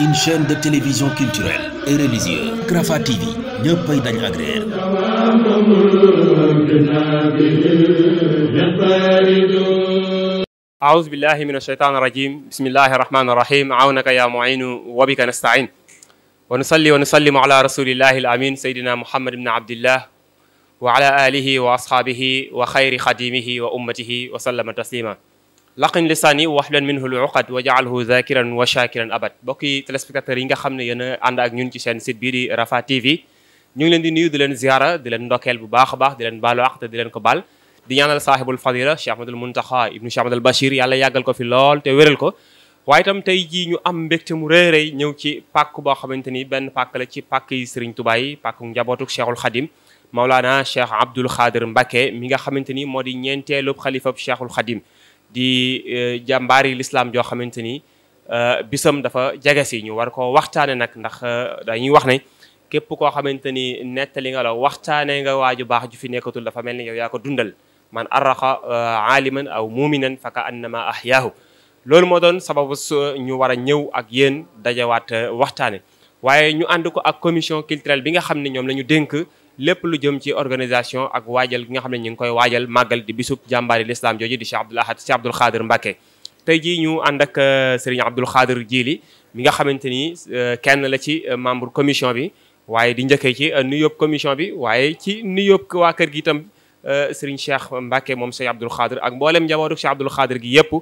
une chaîne de télévision culturelle et religieuse Rafah TV ñëppay dañ agréer aouzu billahi min ashaytan irajim bismillahi irrahmani irrahim awnaka ya muinu wa bika nastain wa nusalli wa nusallimu ala rasulillahi al amin sayidina muhammad ibn abdillah wa ala alihi wa ashabihi wa xayri xadimihi wa ummatihi wa sallama taslima laqin lisaani waxlan minhu luqad wa jaalhu zakiran wa shakiran abad bokki téléspectateurs yi nga xam ne yéen a ànd ak ñun ci seen site bii di Rafah TV ñu ngi leen di nuyu di leen ziara di leen ndokkeel bu baax a baax di leen baalu àq te di leen ko baal di ñaanal saahibul fadila Cheikh Ahmadul Muntaxa ibnu Cheikh Ahmadul Bachir yàlla yàggal ko fi lool te wéral ko waaye itam tey jii ñu am mbégte mu rëy rëy ñëw ci pàkk boo xamante ni benn pàkk la ci pàkk yi Sëriñ Tuubaa yi pàkku njabootuk Cheikhul Xadim Maulana Cheikh Abdoul Xaadir Mbacke mi nga xamante ni moo di ñeenteelub xalifab Cheikhul Xadim di eh, jàmbaari lislaam joo xamante ni eh, bisam dafa jege si ñu war ko waxtaane nag ndax eh, dañuy wax ne képp koo xamante ni nettali nga la waxtaane nga waaju baax ju fi nekkatul dafa mel ni yow yaa ko dundal man araqa aaliman aw muuminan fa ka annama ahyaahu loolu moo doon sababu ñu war a ñëw ak yéen dajawaat waxtaane waaye ñu ànd ko ak commission culturelle bi nga xam ne ñoom la ñu dénk lépp lu jëm ci organisation ak waajal gi nga xam ne ñu ngi koy waajal màggal di bisub jàmbaari lislaam jooju di Cheikh Abdoul Ahad Cheikh Abdoul Khadir Mbacké tey jii ñu ànd ak euh, Serigne Abdoul Khadir Jili mi nga xamante ni euh, kenn la ci euh, membre commission bi waaye di njëkkee ci nuyoob commission bi waaye ci nuyoob waa kër gi itam Serigne Cheikh Mbacké moom Cheikh Abdoul Khadir ak mboolem njabootu Cheikh Abdoul Khadir gi yëpp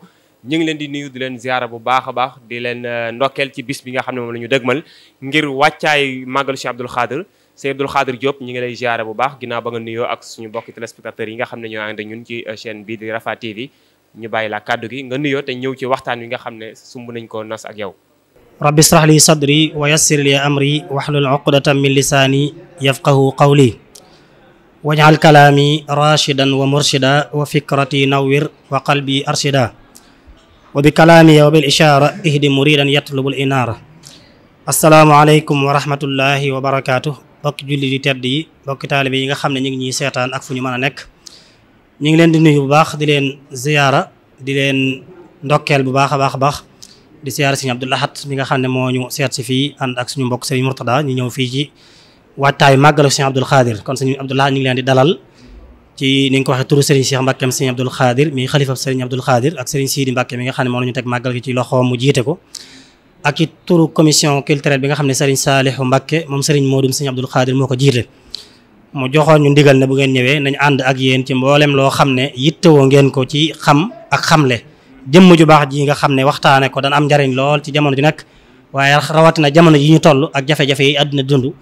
ñu ngi leen di nuyu di leen ziara bu baax a baax di leen ndokkeel ci bis bi nga xam ne moom la ñu dëgmal ngir wàccaay màggal Cheikh Abdoul Sëñ Abdou Khadre ñu ngi lay ziare bu baax ginnaaw ba nga nuyoo ak suñu mbokki téléspectateurs yi nga xam ne ñoo ànd ñun ci euh, chaîne bi di Rafah TV ñu bàyyi la kàddu gi nga nuyoo te ñëw ci waxtaan wi nga xam ne sumb nañ ko nas ak yow rabbi israh li sadri wa yassir li amri wahlul uqdatan min lisaani yafqahu a waj'al kalaami rashidan wa murshida wa fikrati nawwir wa qalbi arshida wa bi kalaami wa bil ishaara ihdi muridan yatlubul inaara assalaamu aleykum wa rahmatullahi wa barakaatuh bokki jullit yi tedd yi bokki yi nga xam ne ñu ngi ñuy seetaan ak fu ñu mën a nekk ñu ngi di nuyu bu baax di leen ziyaara di leen ndokkeel bu baax a baax a baax di ziyaara Sëriñ Abdul Ahad nga xam ne moo ñu seet si fii ànd ak suñu mbokk Sëriñ Murtada ñu ñëw fii ci waajtaayu màggalu Sëriñ Abdul Xaadir kon Sëriñ Abdul Ahad ñu leen di dalal ci ni nga ko waxee turu Sëriñ Abdul Xaadir mi xalifa Sëriñ Abdul Xaadir ak Sëriñ Siidi Mbàkke mi nga xam ne moo ñu teg màggal gi ci loxoom mu jiite ko ak ci turu commission culturelle bi nga xam ne Serigne Saliou Mbacké moom Serigne Modou Serigne Abdoul Khadir moo ko jiite mu joxoon ñu ndigal ne bu ngeen ñëwee nañu ànd ak yéen ci mbooleem loo xam ne yitte woo ngeen ko ci xam ak xam le jëmm ju baax ji nga xam ne waxtaane ko dana am njariñ lool ci jamono ji nekk waaye rawatina jamono yi ñu toll ak jafe-jafe yi àdduna dund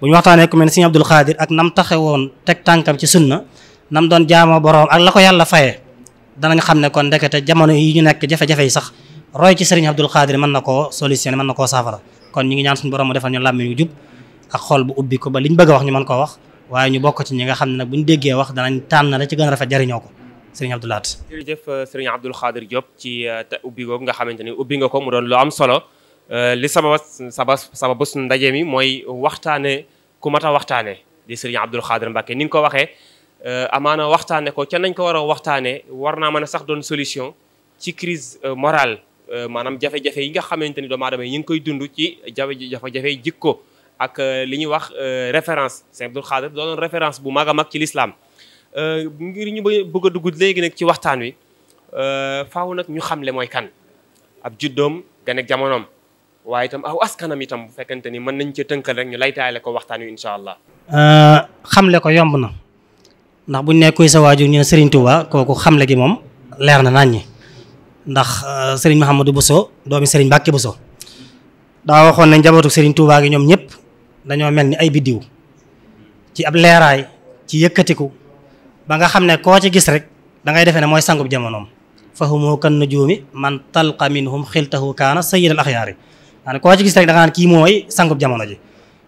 bu ñu waxtaanee ku mel ne Serigne Abdoul Khadir ak nam teg tànkam ci sunna nam doon jaamoo boroom ak la ko yàlla fayee danañ xam ne kon ndekete jamono yi ñu nekk jafe sax roy ci sëriñ Abdul Xaadir man na koo solution mën na koo saafara kon ñu ngi ñaan suñu borom mu defal ñu làmmiñ wu jub ak xol bu ubbi ko ba liñ bëgg a wax ñu man ko wax waaye ñu bokk ci ñi nga xam ne nag buñ déggee wax danañ tànn la ci gën a rafet jariñoo ko sëriñ Abdou Lahat jërëjëf euh, sëriñ Abdul Xaadir Diop ci euh, ubbi googu nga xamante ni ubbi nga ko mu doon lu am solo euh, li sababa saba sababu suñu ndaje mi mooy waxtaane ku mat a waxtaane di sëriñ Abdul Xaadir Mbàkke ni nga ko waxee amaana waxtaane ko ca nañ ko war a waxtaane war naa mën a sax doon solution ci crise morale Euh, maanaam jafe-jafe yi nga xamante ni doomu adama yi ñu ngi koy dund ci jafe-jafe jikko ak euh, li ñuy wax euh, référence Sëñ Abdul Xaadir doonoon référence bu mag a mag ci lislaam ngir ñu bëgg a dugg léegi nag ci waxtaan wi faw nag ñu xamle mooy kan ab juddoom ganek jamonoom waaye tam aw askanam itam bu fekkente ni mën nañ cee tënkal rek ñu laytaale ko waxtaan wi incha allah. xamle ko yomb na ndax nekk nekkuy sa waajur ñu ne Serigne Touba kooku xamle gi moom leer na naññi ndax euh, sëriñ Mouhamadou Bousso doomi sëriñ Mbacke soo daa waxoon ne njabootu sëriñ Touba gi ñoom ñëpp dañoo mel ni ay biddiw ci ab leeraay ci yëkkatiku ba nga xam ne koo ci gis rek da ngay defee ne mooy sangub jamonoom fahumu kan nujuumi man talqa minhum xiltahu kaana sayyidal axyaari daanaka koo ci gis da nga mooy sangub jamono ji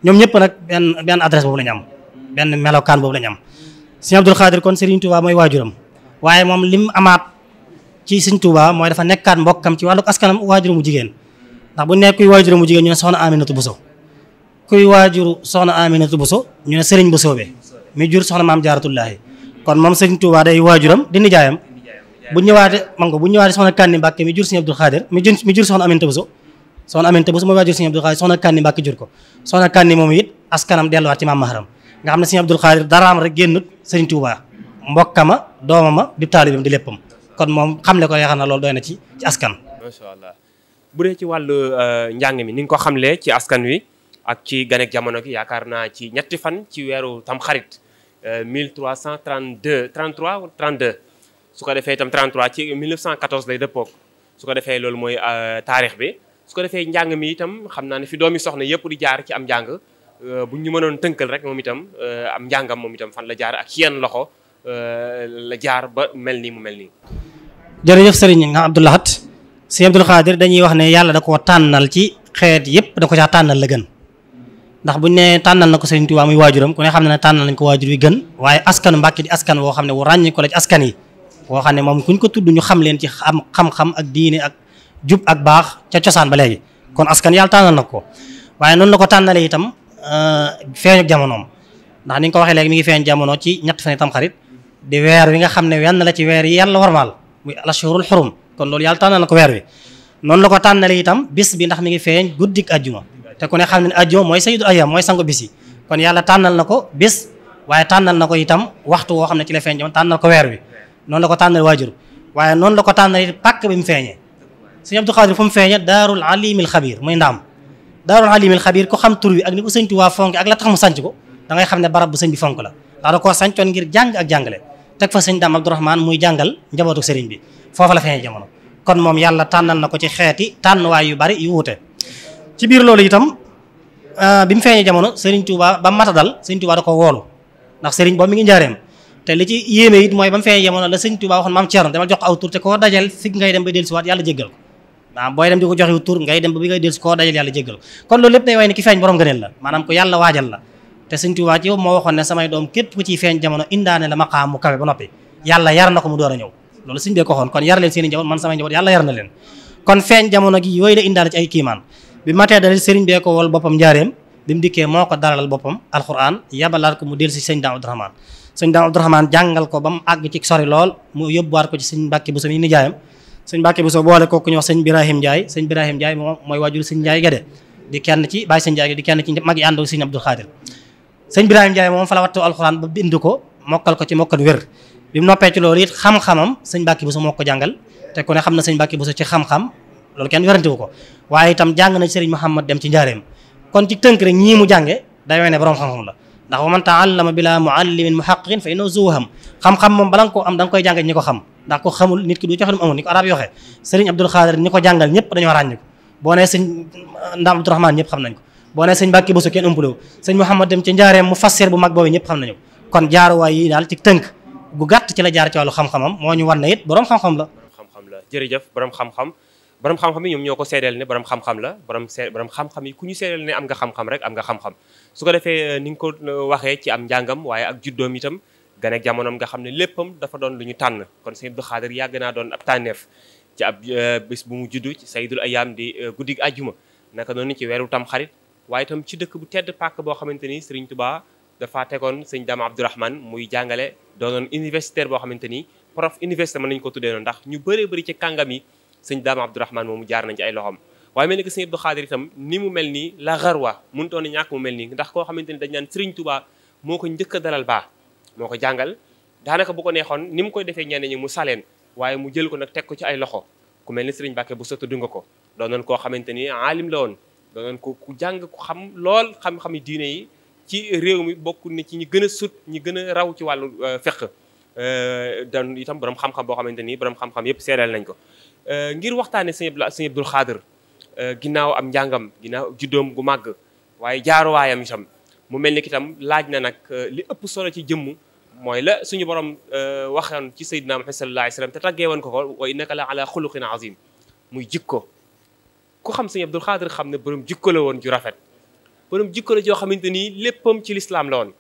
ñoom ñëpp nag benn benn adresse boobu la ñu am benn melokaan boobu la ñu am. sëñ Abdul Xaadir kon Serigne Touba mooy waajuram waaye moom lim amaat ci sëñ Touba mooy dafa nekkaat mbokkam ci wàllu askanam waajuru mu jigéen ndax bu nekk kuy waajuru mu jigéen ñu ne soxna Aminatu Bousso kuy waajuru soxna Aminatu Bousso ñu ne sëriñ Bousso be mi jur soxna maam jaaratullaahi kon moom sëñ Touba day waajuram di nijaayam bu ñëwaate man bu ñëwaate soxna Kanni Mbàkke mi jur sëñ Abdul Xaadir mi jur mi jur soxna Aminatu Bousso soxna Aminatu Bousso mooy waajur sëñ Abdul Xaadir soxna Kanni Mbàkke jur ko soxna Kanni moom it askanam delluwaat ci maam Maharam nga xam ne sëñ Abdul Xaadir daraam rek génnut sëriñ Touba mbokkama doomama di taalibam di léppam kon moom xamle ko yaakaar na loolu doy na ci askan. macha allah bu dee ci wàllu euh, njàng mi ni nga ko xamlee ci askan wi ak ci ganek jamono gi yaakaar naa ci ñetti fan ci weeru tamxarit 1332 euh, 33 wala 32 su ko defee itam 33 ci 1914 lay dëppoog su ko defee loolu mooy euh, taarix bi su ko defee njàng mi itam xam naa ne fi doomi soxna yëpp di jaar ci am njàng bu ñu mënoon tënkal rek moom itam am njàngam moom itam fan la jaar ak yenn loxo la jaar ba mel nii mu mel nii jërëjëf sëriñ nga Abdou Lahad sëriñ Abdou Khadir dañuy wax ne yàlla da koo tànnal ci xeet yépp da ko caa tànnal la gën ndax buñ ne tànnal na ko sëriñ Tuubaa muy waajuram ku ne xam ne ne tànnal nañ ko waajur wi gën waaye askanu Mbàkke di askan woo xam ne wu ràññi ko la ci yi woo xam ne moom kuñ ko tudd ñu xam ci am xam-xam ak diine ak jub ak baax ca cosaan ba léegi kon askan yàlla tànnal na ko waaye noonu la ko tànnalee itam euh, feeñu jamonoom ndax ni nga ko waxee léegi mi ngi feeñ jamono ci ñett fan itam xarit di weer wi nga xam ne wenn la ci weer yi yàlla warmaal muy alashurul xurum na ko weer wi la ko tànnale itam bis bi ndax mi ngi feeñ guddik ajjuma te ku ne xam ne ajjuma mooy sayyidu ayyam mooy sangu bis yi kon yàlla tànnal na ko bis waaye tànnal na ko itam waxtu woo xam ne ci la feeñ jamono tànnal ko weer wi noonu la ko tànnal waajur waaye noonu la ko tànnal it pàkk bi mu feeñee sëñ Abdou Xaadir fu mu feeñee daarul alimil xabiir muy ndaam daarul alimil xabiir ko sëñ Tuubaa ak la tax mu sanc ko da ngay ne barab bu sëñ bi fonk la ndax da koo sancoon ngir jàng ak jàngale teg fa sëñ daam Abdourahman muy jàngal njabootu sëriñ bi foofa la feeñee jamono kon moom yàlla tànnal na ko ci xeeti tànnuwaay yu bari yu wuute ci biir loolu itam euh, bi mu feeñee jamono sëriñ Touba ba matadal sëriñ Touba da ko woolu ndax sëriñ boobu mi ngi njaareem te li ci yéeme it mooy ba mu feeñee jamono la sëriñ Touba waxoon maam Thierno demal jox ko aw tur te koo dajal fi ngay dem ba dellusiwaat yàlla jéggal ko maanaam booy dem di ko joxe tur ngay dem ba ngay dellusi koo dajal yàlla jéggal ko kon loolu lépp day way ne ki feeñ borom la maanaam te sëñ Tuubaa yow moo waxoon ne samay doom képp ku ciy feeñ jamono indaane la maqaam mu kawe ba noppi yàlla yar na ko mu door a ñëw loolu sëñ bee ko xoon kon yar leen seen i njaboot man samay njaboot yàlla yar na leen kon feeñ jamono gi yooyu la indaale ci ay kiimaan bi matee dalil sëriñ bee ko wol boppam njaareem bi mu dikkee moo ko daralal boppam alxuraan yabalaat ko mu dellu si sëñ Daam Abdourahmaan sëñ Daam Abdourahmaan jàngal ko ba mu àgg ci sori lool mu yóbbuwaat ko ci sëñ Mbàkke Buso mi nijaayam sëñ Mbàkke Buso boole ko ku ñuy wax sëñ Birahim Njaay mooy waajur sëñ Njaay kenn ci bàyyi sëñ Njaay kenn ci mag yi ànd ak sëñ sëñ Birahim Ndiaye moom fa la wattu alxuraan ba bind ko mokkal ko ci mokkal wér bi mu noppee ci loolu it xam-xamam sëñ Mbàkke Buso moo ko jàngal te ku ne xam na sañ sëñ Mbàkke Buso ci xam-xam loolu kenn wérantewu ko waaye itam jàng na sëriñ Muhammad dem ci njaareem kon ci tënk rek ñii mu jànge day wone ne borom xam-xam la ndax wa man taallama bila muallimin muhaqqiqin fa innahu zuwaham xam-xam moom bala nga koo am da koy jànge ñi ko xam ndax ko xamul nit ki du joxe ko arab yoxee sëriñ Abdul Xaadir ñi ko jàngal ñëpp xam nañ ko boo ne sëñ Mbàkke Bousso kenn ëmpalewu sëñ Mouhamad dem ci njaareem mu fassir bu mag boobu ñëpp xam nañu kon jaar jaaruwaay yi daal ci tënk gu gàtt ci la jaar ci wàllu xam-xamam moo ñu wan na it borom xam-xam la la jërëjëf borom xam-xam borom xam-xam yi ñoom ñoo ko seedeel ne borom xam la borom see borom xam yi ku ñu seedeel ne am nga xam-xam rek am nga xam-xam su ko defee euh, ni nga ko euh, waxee ci am njàngam waaye ak juddoom itam gane ak jamonoom nga xam ne léppam dafa doon lu ñu tànn kon sëñ Abdou Khadir yàgg naa doon ab tànneef ci ab euh, bés bu mu juddu ci saydul ayam di guddig ajjuma naka noonu ci weeru tam waaye itam ci dëkk bu tedd pàkk boo xamante ni Serigne Touba dafa tegoon sëñ Dame Abdourahmane muy jàngale doonoon universitaire boo xamante ni prof université mën nañu ko tuddee noonu ndax ñu bëree bëri ci kàngam yi sëñ Dame Abdourahmane moomu jaar nañ ci ay loxoom waaye mel ni que sëñ Abdou Khadir itam ni mu mel nii la xarwa mënutoon a ñàkk mu mel nii ndax koo xamante ni dañ naan Serigne Touba moo ko njëkk a dalal baa moo ko jàngal daanaka bu ko neexoon ni mu koy defee ñenn ñi mu saleen waaye mu jël ko nag teg ko ci ay loxo ku mel ni Serigne Bakke bu sa tudd nga ko doonoon koo xamante ni aalim la woon doonoon ko ku jàng ko xam lool xam yi diine yi ci réew mi bokk na ci ñi gën a sut ñi gën a raw ci wàllu euh, feq euh, dan itam borom xam-xam boo xamante ni borom xam-xam yëpp seedeel nañ ko euh, ngir waxtaane sëñ sëñ Abdul Xaadir ginnaaw am njàngam ginnaaw juddoom gu màgg waaye jaaruwaayam itam mu mel ni ki itam laaj na nag li ëpp solo ci jëmm mooy la suñu borom waxoon ci Seydina Muhammad sallallahu alayhi wasallam te tàggee woon ko ko wa innaka la ala xuluqin azim muy jikko ku xam sëñ Abdou Khadre xam ne borom jikko la woon ju rafet borom jikko la joo xamante ni léppam ci lislaam la woon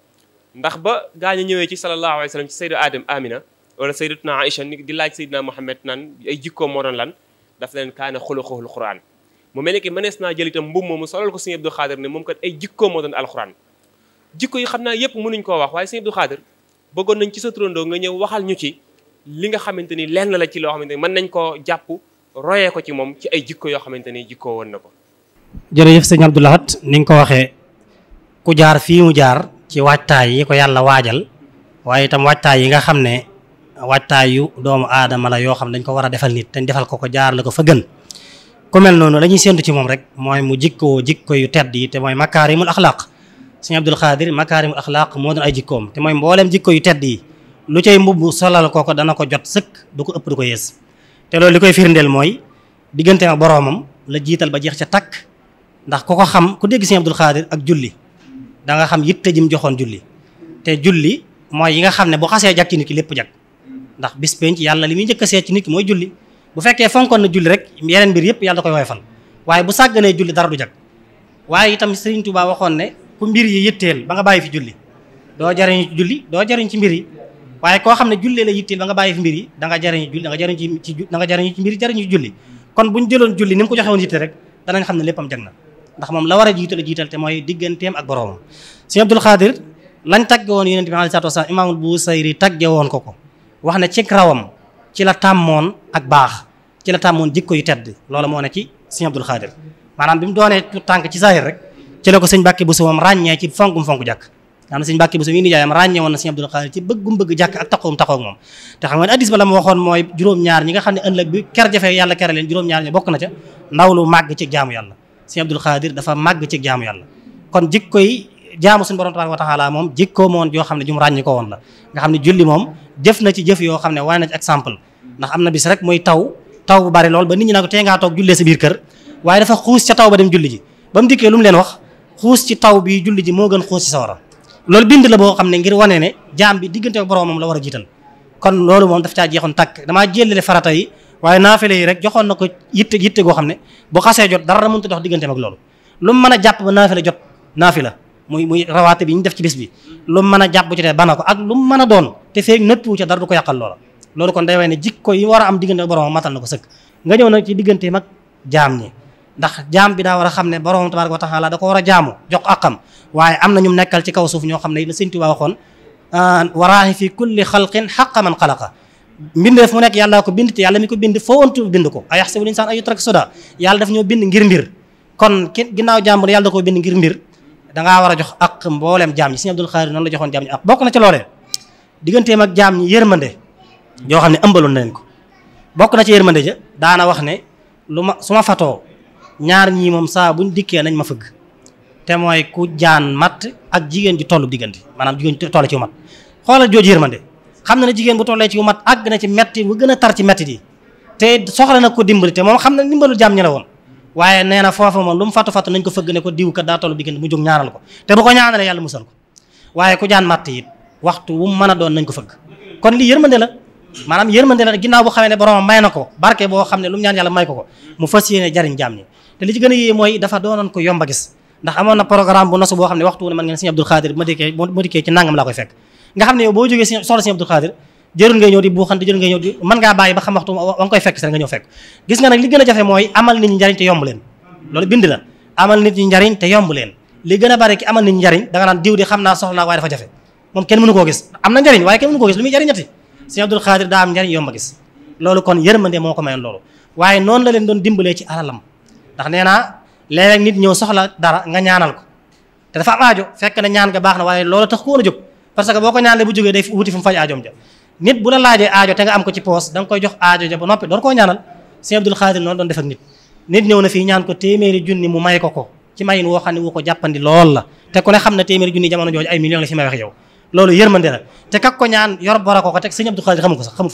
ndax ba gaañu ñëwee ci sallallahu alayhi wa sallam ci saydu adam amina wala saydatuna aïcha ni di laaj sayduna Muhammad naan ay jikkoom moo doon lan daf leen kaana xuluquhul quran mu mel ne que mënees naa jël itam mbubb moomu solal ko sëñ Abdou Khadre ne moom kat ay jikkoom moo doon alquran jikko yi xam naa yépp mënuñ koo wax waaye sëñ Abdou Khadre bëggoon nañ ci sa turandoo nga ñëw waxal ñu li nga xamante ni lenn la ci loo xamante ni mën nañ koo jàpp royee ko ci moom ci ay jikko yoo xamante ni jikkoo woon na ko. jërëjëf sëñ Abdou Lahat ni nga ko waxee ku jaar fii mu jaar ci waajtaay yi ko yàlla waajal waaye itam waajtaay yi nga xam ne waajtaay yu doomu aadama la yoo xam ne dañ ko war a defal nit dañ defal ko ko jaar la ko fa gën. ku noonu la ñuy ci moom rek mooy mu jikkoo jikko yu tedd te mooy makaarimul axlaaq sëñ Abdul Xaadir makaarimul axlaaq moo ay jikkoom te mooy mbooleem jikko yu tedd lu cay mbubb solal kooko dana ko jot sëkk du ko ëpp du ko yées. te loolu li koy firndeel mooy diggante ak boroomam la jiital ba jeex ca takk ndax ku ko xam ku dégg sëñ Abdul Xaadir ak julli da nga xam yitte jim joxoon julli te julli mooy yi nga xam ne bu xasee jag ci nit ki lépp jag ndax bis penc yàlla li muy jëkk a seet ci nit ki mooy julli bu fekkee fonkoon na julli rek yeneen mbir yëpp yàlla da koy woyfal waaye bu sàgganee julli dara du jag waaye itam Sëriñ Tuubaa waxoon ne ku mbir yi yitteel ba nga bàyyi fi julli doo jariñ ci julli doo jariñ ci mbir yi waaye koo xam ne jullee la yitteel ba nga bàyyi fi mbir yi da nga jariñu julli da nga jariñu ci ci da nga jariñu ci yi julli kon bu ñu jëloon julli ni mu ko joxe woon yitte rek danañ xam ne léppam jag na ndax moom la war a jiital jiital te mooy digganteem ak boroomam sëñ Abdul Xaadir lañ tagge woon yonent bi alayhi salaatu wasalaam imaamul Busayri tagge woon ko ko wax ne ci rawam ci la tàmmoon ak baax ci la tàmmoon jikko yu tedd loola moo ne ci sëñ Abdul Xaadir maanaam bi mu doonee tànk ci saahir rek ci la ko sëñ Bàkke bu su moom ràññee ci fonkum fonk jàkk nga xam ne sëñ Mbàkke bu su muy nijaayam ràññe woon na sëñ Abdul Xaadir ci bëggum bëgg jàkk ak taqoom taqoog moom te na ca ndaw lu màgg ci julli moom jëf na ci jëf yoo xam ne waaye na ci exemple ndax am na bis rek muy taw taw bu bari lool ba nit ñi naa ko tee toog jullee sa biir kër waaye dafa xuus ca taw ba dem julli ji ba mu dikkee lu mu leen wax xuus ci taw bi julli ji moo gën xuus ci sawara loolu bind la boo xam ne ngir wane ne jaam bi diggante ak boromam la war a jiital kon loolu moom daf caa jeexoon tàkk damaa jëlale farata yi waaye naafile yi rek joxoon na ko yitte yitte goo xam ne bu xasee jot dara mënut a dox digganteem ak loolu lu mu mën a jàpp ba naafile jot naafila muy muy rawaate bi ñu def ci bis bi lu mën a jàpp bu ci tee ko ak lu mën a doon te feeg nëppu ca dara du ko yàqal loola loolu kon day way ne jikko yi war a am diggante ak boromam matal na ko sëkk nga ñëw nag ci digganteem ak jaam ñi ndax jaam bi daa war xam ne borom tabaaraka wa taala da ko war a jaamu jox àqam waaye am na ñu nekkal ci kaw suuf ñoo xam ne la Sëñ Tuubaa waxoon waraahi fi kulli xalqin xaqa man xalaqa mbindeef mu nekk yàlla ko bind te yàlla mi ko bind foowantu bind ko ay yaxsabul insaan ay yutrak suda yàlla daf ñoo bind ngir mbir kon ki ginnaaw jàmbur yàlla da koo bind ngir mbir dangaa war a jox ak mbooleem jaam si Sëñ Abdul Xaadir noonu la joxoon jaam ñi ak bokk na ci loolee digganteem ak jaam ñi yërmande yoo xam ne ëmbaloon na ko bokk na ci yërmande ja daana wax ne lu ma su ma fatoo ñaar ñii moom saa buñ dikkee nañ ma fëgg te mooy ku jaan matt ak jigéen ji tollu diggante maanaam jigéen ji toll ci mat xoolal xam na jigéen bu tollee ci mat na ci metti bu gën a tar ci metti yi te soxla na ko dimbali te moom na dimbalu jàmm ñi la woon nee na foofa moom lu mu fatu fatu nañ ko fëgg ne ko diw kat daa tollu diggante mu jóg ñaanal ko te bu ko ñaanalee yàlla musal ko waaye ku jaan matt it waxtu wu mu doon nañ ko fëgg kon lii yërmande la maanaam yërmande la ginnaaw boo xamee ne borom may na ko barke boo xam ne lu mu ñaan yàlla may ko ko mu fas yéene jariñ jaam ñi te li ci mooy dafa doonoon ko yomba gis ndax amoon na programme bu nosu boo xam ne waxtu ne man ngeen sëñ Abdul Xaadir wa nga koy fekk mooy da nga naan diw di xam naa soxla naa dafa jafe moom kenn mënu koo gis am na njariñ waaye kenn mënu koo gis lu muy njariñati sëñ Abdul Xaadir daa am njariñ yomb gis loolu kon yërmande moo ko mayoon loolu waaye noonu la leen doon dimbalee ci alalam ndax nee naa léeg-léeg nit ñëw soxla dara nga ñaanal ko te dafa am aajo fekk na ñaan nga baax na waaye loola tax ko woon a jóg parce que boo ko ñaanalee bu jógee day wuti fu mu faj aajoom ja nit bu la laajee aajo koy jox aajo ja ba noppi door koo ñaanal sëñ Abdul Xaadir noonu doon def ak nit nit ñëw na mu may ko ko ci mayin woo xam ne ko jàppandi lool la xam ne téeméeri junni jamono jooju ay million la fi may wax yow loolu yërmande te kak ñaan yor bor a ko ko teg sëñ Abdul Xaadir xamul ko sax ko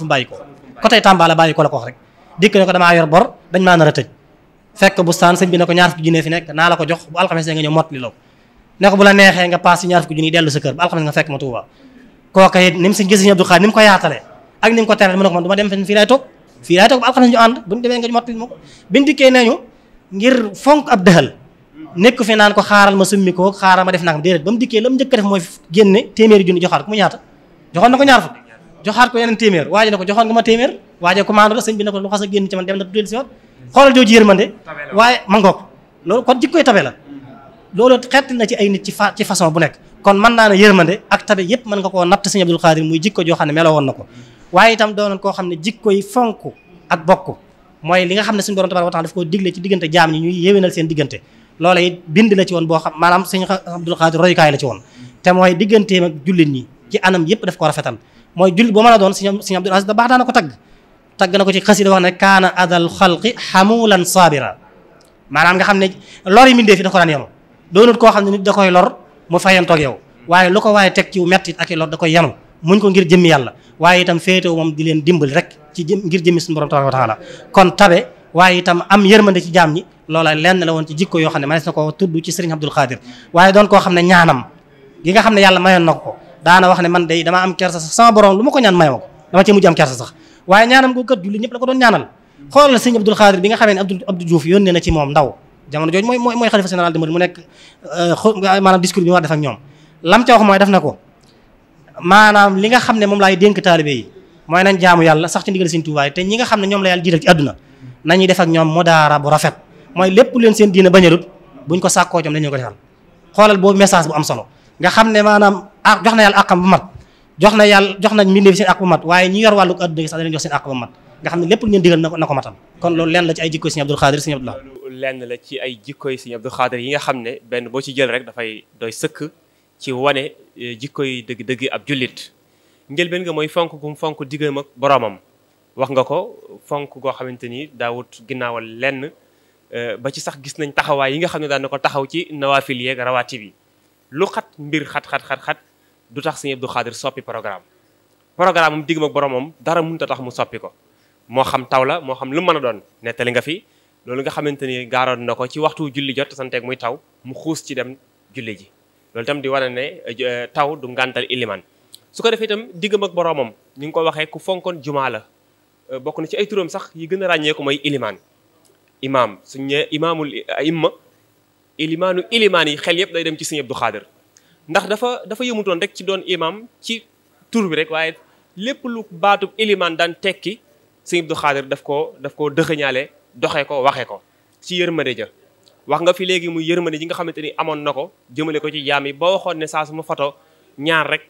ko tey Tàmba la bàyyi ko la ko rek dikk ne ko damaa yor bor dañ maa tëj fekk bustaan sëñ bi ne ko ñaar fukki junne fi nekk naa la ko jox bu alxames nga ñëw mot li law ne bu la neexee nga paas ci ñaar fukki junne yi dellu sa kër bu alxames nga fekk ma Tuuba kooka it ni mu si gis Sëñ Abdu Xaadir ni mu ko yaatalee mu ko teral ñu ngir fonk ab dëxal nekk fi naan ko xaaral ma summi ko xaaral ma def nangam déedéet ba mu dikkee la mu njëkk a def mooy génne téeméeri junni joxaat ko mu ñaata joxoon na ko ñaar fukk joxaat ko yeneen waaje commande la sëñ bi ne ko lu xas a génn ci man dem na du dellu si waat xoolal jooju yërmande waaye ma loolu kon jik koy tabe la loolu xeet na ci ay nit ci fa ci façon bu nekk kon mën naa ne yërmande ak tabe yëpp mën nga koo natt sëñ Abdul Xaadir muy jikko joo xam ne meloo woon na ko waaye itam doonoon koo xam ne jikko yi fonk ak bokk mooy li nga xam ne suñu borom tabaaraka wa taala daf koo digle ci diggante jaam ñi ñuy yéwénal seen diggante loola it bind la ci woon boo xam maanaam sëñ Abdul Xaadir la woon te mooy digganteem ak jullit ñi ci anam yépp daf ko rafetal mooy jullit boo mën a doon sëñ Abdul Aziz da baax daana ko tagg tagg na ko ci xasida wax ne kaana adal xalqi xamulan saabira maanaam nga xam ne lor yi mindee fi da ko daan yenu doonut koo xam ne nit da koy lor mu fayantoog yow waaye lu ko waaye teg ci mettit ak i lor da koy yenu muñ ko ngir jëmmi yàlla waaye itam féetewu moom di leen dimbali rek ci jëm ngir jëmmi suñu borom tabaaraka wa taala kon tabe waaye itam am yërmande ci jaam ñi loola lenn la woon ci jikko yoo xam ne manees na ko tudd ci sëriñ Abdul Xaadir waaye doon koo xam ne ñaanam gi nga xam ne yàlla mayoon na ko daana wax ne man day dama am kersa sax sama lu ma ko ñaan mayoo ko dama ci waaye ñaanam googu kat julli ñëpp la ko doon ñaanal xoolal sëñ Abdul Xaadir bi nga xamee ne Abdou Abdou Diouf yónnee na ci moom ndaw jamono euh, ko maanaam li nga xam ne moom laay dénk taalibe yi mooy jaamu yàlla sax ci ndigal sëñ Tuubaa te nga xam ne ñoom la yàlla jiital ci àdduna nañuy def ak ñoom modaara bu rafet mooy lépp leen seen diina bañalut buñ ko sàkkoo ñoom dañu ko defal xoolal boobu message bu am solo nga xam ne maanaam ah jox na yàlla àqam bu mat jox na yàlla jox na mbindeef seen àq ba mat waaye ñu yor wàllu adduna gi sax dañu jox seen àq ba mat nga xam ne lépp lu ñu na ko matal kon loolu lenn la ci ay jikkoy sëñ Abdul Xaadir yi nga xam ne benn boo ci jël rek dafay doy sëkk ci wane e, jikkoy dëgg-dëgg ab jullit njëlbeen nga mooy fonk gum fonk diggam ak boromam wax nga ko fonk goo xamante ni daawut ginnaawal lenn e, ba ci sax gis nañ taxawaay yi nga xam ne daan na ko taxaw ci nawaafil yeeg rawaati bi lu du tax sëñ Abdou Khadir soppi programme programme mu digg ak boromam dara mënut a tax mu soppi ko moo xam taw la moo xam lu mën a doon nettali nga fi loolu nga xamante ni gaaroon na ko ci waxtu julli jot santeeg muy taw mu xuus ci dem julli ji loolu itam di wane ne eh, eh, taw du ngàntal iliman su ko defee itam diggam ak boromam ni nga ko waxee ku fonkoon jumaa la eh, bokk na ci ay turam sax yi gën a ràññee ko mooy iliman imaam suñu nee imaamul imma ilimaanu ilimaan yi xel yëpp day dem ci sëñ Abdou Khadir ndax dafa dafa yëmutoon rek ci doon imaam ci tur bi rek waaye lépp lu baatu ilimaan daan tekki sëñ Abdou Khadir daf koo daf koo dëxëñaale doxee ko waxee ko ci yërmande ja wax nga fi léegi muy yërmande ji nga xamante ni amoon na ko jëmale ko ci jaam yi ba waxoon ne saa suma ma foto ñaar rek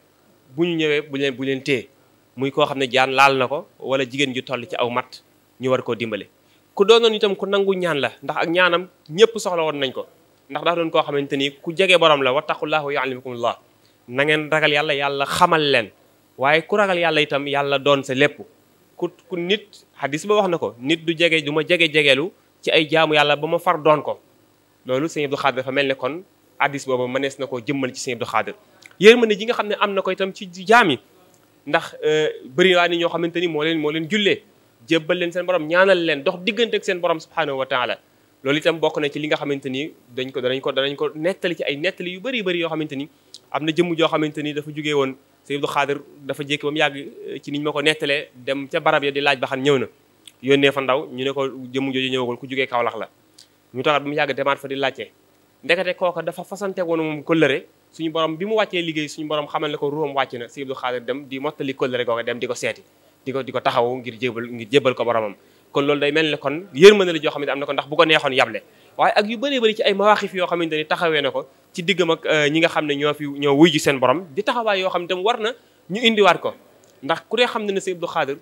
bu ñu ñëwee bu leen bu leen téye muy koo xam ne jaan laal na ko wala jigéen ju toll ci aw mat ñu war koo dimbale ku doonoon itam ku nangu ñaan la ndax ak ñaanam ñëpp soxla woon nañ ko ndax daa doon koo xamante ni ku jege borom la wattaqullaaha ya'lamukumullah na nangeen ragal yàlla yàlla xamal leen waaye ku ragal yàlla itam yàlla doon sa lépp ku ku nit hadis ba wax na ko nit du jege du ma jege-jegelu ci ay jaamu yàlla ba ma far doon ko loolu sëñ du Khadir dafa mel ne kon hadis boobu mënees na koo jëmmal ci sëñ Abdou Khadir ne ji nga xam ne am na ko itam ci jaam yi ndax euh, bëri waa ni ñoo xamante ni moo leen moo leen jullee jébbal leen seen borom ñaanal leen dox diggante ak seen borom subhanahu wa taala loolu itam bokk na ci li nga xamante ni dañ ko danañ ko danañ ko nettali ci ay nettali yu bëri bëri yoo xamante ni am na jëmm joo xamante ni dafa jógee woon Sëriñ Abdou dafa jékki ba yàgg eh, ci niñ ma ko nettalee dem ca barab ya di laaj ba xam ñëw na yónnee fa ndaw ñu ne ko jëmm jooju ñëwagul ku jógee Kaolack la ñu taxat yàgg demaat fa di laajte ndekete kooka dafa fasante woon moom kóllëre suñu borom bi mu wàccee liggéey suñu borom xamal ko ruuxam wàcc na Sëriñ Abdou Khadr dem di mottali kóllëre googa dem di ko seeti di ko di ko taxaw ngir jébal ngir jébal ko boromam kon loolu day mel ni kon na la joo xamante am na ko ndax bu ko neexoon yable waaye ak yu bëree bëri ci ay mawaaxif yoo xamante ni taxawee na ko ci diggam ak euh, ñi nga xam ne ñoo fi ñoo wuy ji seen borom di taxawaay yoo xam ne tam war na ñu indiwaat ko ndax ku dee xam ne na sëñ Abdou Khadir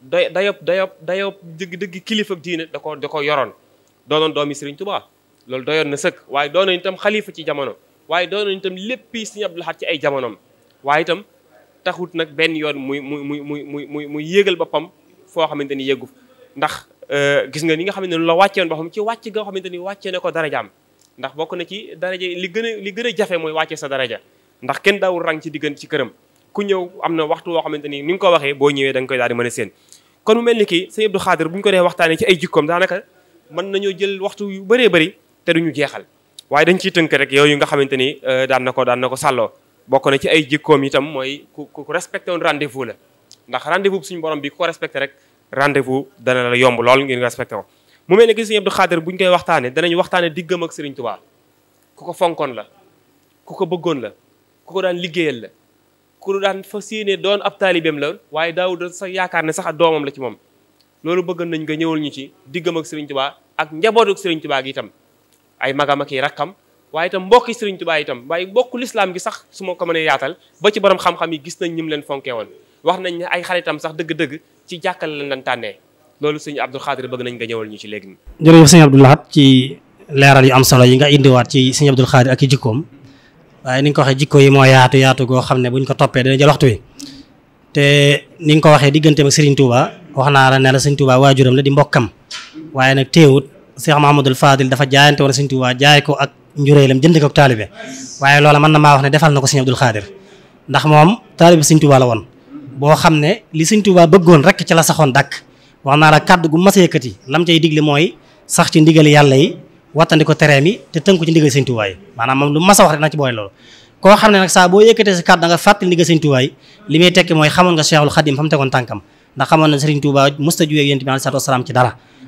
day dayob dayob dayob dëgg dëgg kilifa diine da ko da ko yoroon doonoon doomi Sëriñ Tuubaa loolu doyoon na sëkk waaye doonoon itam xalifa ci jamono waaye doonoon itam léppi sëñ Abdou Lahad ci ay jamonoom waaye itam taxut nag benn yoon muy muy muy muy muy muy yéegal boppam foo xamante ni yëggu ndax euh, gis nga ni nga xamante ne la wàccee woon boo ci wàcc nga xamante ni wàcce na ko darajaam ndax bokk na ci daraja li gën a li gën a jafe mooy wàcce sa daraja ndax kenn daawul rang ci diggante ci këram ku ñëw am na waxtu woo xamante ni ni nga ko waxee boo ñëwee da nga koy daal di mën a séen kon mu mel ni kii sëñ Abdou Khadir bu ñu ko dee waxtaanee ci ay jikkoom daanaka mën nañoo jël waxtu yu bëree bëri te ñu jeexal waaye dañ ciy tënk rek yooyu nga xamante ni euh, daan na ko daan na ko sàlloo bokk na ci ay jikkoom itam mooy ku ku respecté woon rendez-vous la ndax rendez-vous bi ko respecté rek rendez-vous dana la yomb lool ngeen respecté ko mu mel ne ki sëñ Abdou Khadir bu ñu koy waxtaanee danañ waxtaanee diggam ak Serigne Touba ku ko fonkoon la ku ko bëggoon la ku ko daan liggéeyal la ku daan fas yéenee doon ab taalibeem la waaye daawul sax yaakaar ne sax a doomam la ci moom loolu bëgg nañ nga ñëwal ñu ci diggam ak Serigne Touba ak njabootu Serigne Touba gi itam ay magam ak i rakkam waaye itam mbokki Serigne Touba itam waaye mbokku lislaam gi sax su ma ko mënee yaatal ba ci borom xam yi gis nañ ñim leen fonkee woon wax nañ ne ay xaritam sax dëgg-dëgg ci jàkkal lañ leen tànnee loolu sëñ Abdou Khadre bëgg nañ nga ñëwal ñu ci léegi nii. jërëjëf sëñ Abdou Lahad ci leeral yu am solo yi nga indiwaat ci sëñ Abdou Khadre ak i jikkoom waaye ni nga ko waxee jikko yi moo yaatu yaatu goo xam ne buñ ko toppee dana jël waxtu wi te ni nga ko waxee digganteem ak Serigne Touba wax naa la ne la Serigne Touba waajuram la di mbokkam waaye nag teewut Cheikh Mahamadul Fadil dafa jaayante woon Serigne Touba jaay ko ak njureelam jënd ko ak taalibe waaye loola mën na maa wax ne defal na ko Serigne Abdou Khadre ndax moom taalibe Serigne Touba la woon boo xam ne li Sëñ Tuubaa bëggoon rek ci la saxoon dàkk wax naa la kàddu gu mas a yëkkati lam cay digle mooy sax ci ndigal yàlla yi wattandi ko tereem yi te tënku ci ndigal Sëñ Tuubaa yi maanaam moom a wax rek na loolu sa kàddu da nga fàttali ndigal Sëñ Tuubaa yi li na Sëriñ Tuubaa musta juwee yonent bi alayhi salaatu wasalaam ci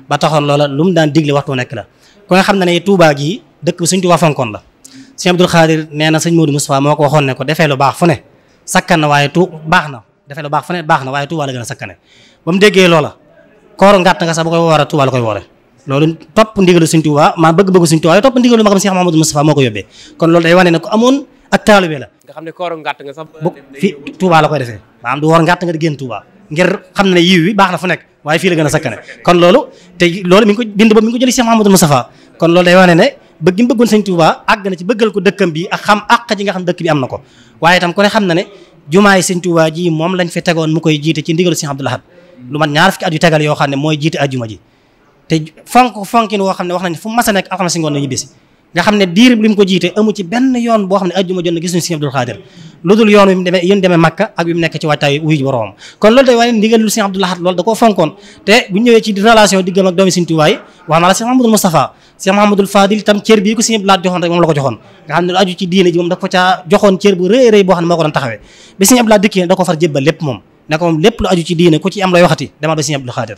ba taxoon loola lu mu daan digle waxtu nekk la ko nga xam ne ne Tuubaa gi dëkk bi Tuubaa fonkoon la Sëriñ Abdul Xaadir nee na Sëriñ Moodu Mustafaa moo ko waxoon ne ko defee lu baax fu ne sakkan na waaye tu baax na defee lu baax fa ne baax na waaye Touba la a sakkane ba mu déggee loola koor ngàtt nga sax bu koy woore Touba la koy woore loolu topp ndigalu Sëriñ Touba maa bëgg-bëggu Sëriñ Touba waaye topp ndigalu ma na a na ci bëggal ko dëkkam ak xam àq xam dëkk bi am na ko waaye itam ku ne xam na ne jumaay sëñ Tuubaa ji moom lañ fi tegoon mu koy jiite ci ndigalu sëñ Abdul Ahad lu mat ñaar fukki at yu tegal yoo xam ne mooy jiite ajjuma ji te fonk fonkin woo xam ne wax nañ fu mas a nekk alxames ngoon nañu bisi nga xam ne diir bi mu ko jiite amu ci benn yoon boo xam ne ajjuma jot na gisuñu Sëriñ Abdul Xaadir lu dul aju ci diine ji far jébbal lépp moom ne moom lépp lu aju ci diine ku ci am lay waxati demal ba Sëriñ Abdul Xaadir